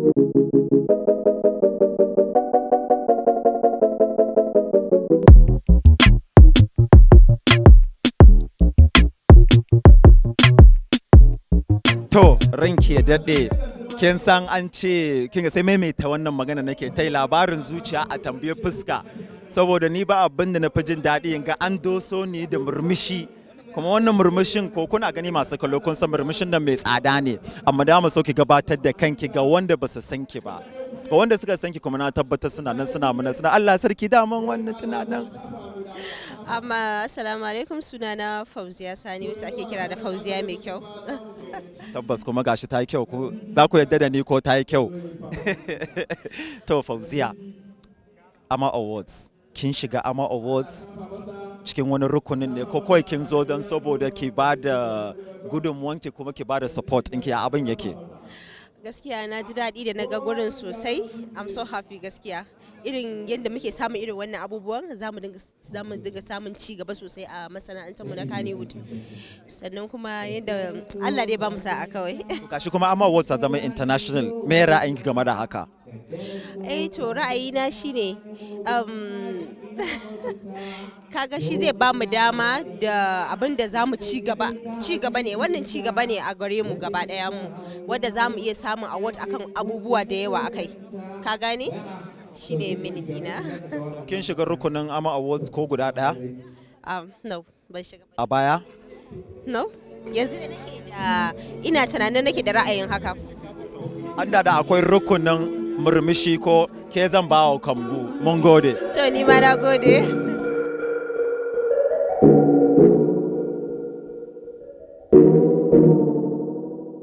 To, ranki daɗe, kin san an ce, kin sai maimaita wannan magana nake ta labarin zuciya a tambaye fuska, saboda ni ba abin da na fi jin daɗi ga an doso ni da murmushi. kuma wannan murmushin ko kuna gani masu kallo kun san murmushin nan mai tsada ne amma da so ki gabatar da kanki ga wanda ba su san ki ba ga wanda suka san ki kuma na tabbatar suna nan suna muna suna Allah sarki daman wannan tana nan amma assalamu alaikum sunana Fauziya Sani wacce ake kira da Fauziya mai kyau tabbas kuma gashi ta yi kyau ko za ku yadda da ni ko ta yi kyau to Fauziya Ama Awards kin shiga Ama Awards cikin wani rukunin ne ko kawai kin zo don saboda ki ba da gudunmuwanki kuma ki ba da support ya abin yake gaskiya na ji daɗi da na ga gurin sosai i'm so happy gaskiya irin yadda muke samun irin wannan abubuwan za mu dinga samun ci gaba sosai a masana'antar mu na kanewood sannan kuma yadda allah dai ba mu sa'a kawai kashi kuma amma awards zama international me ra'ayinki game da haka eh to ra'ayina shine um, kaga shi zai ba mu dama da abin da za mu ci gaba ci gaba ne wannan ci gaba ne a gare mu gaba daya mu wadda za mu iya samun award akan abubuwa da yawa akai ka gane shi ne mini dina kin shiga rukunin ama awards ko guda daya. um, no ban shiga a baya no yanzu ne nake da ina tunanin nake da ra'ayin haka an da da akwai rukunin murmushi ko ke zan ba wa kambu mun gode to ni ma na gode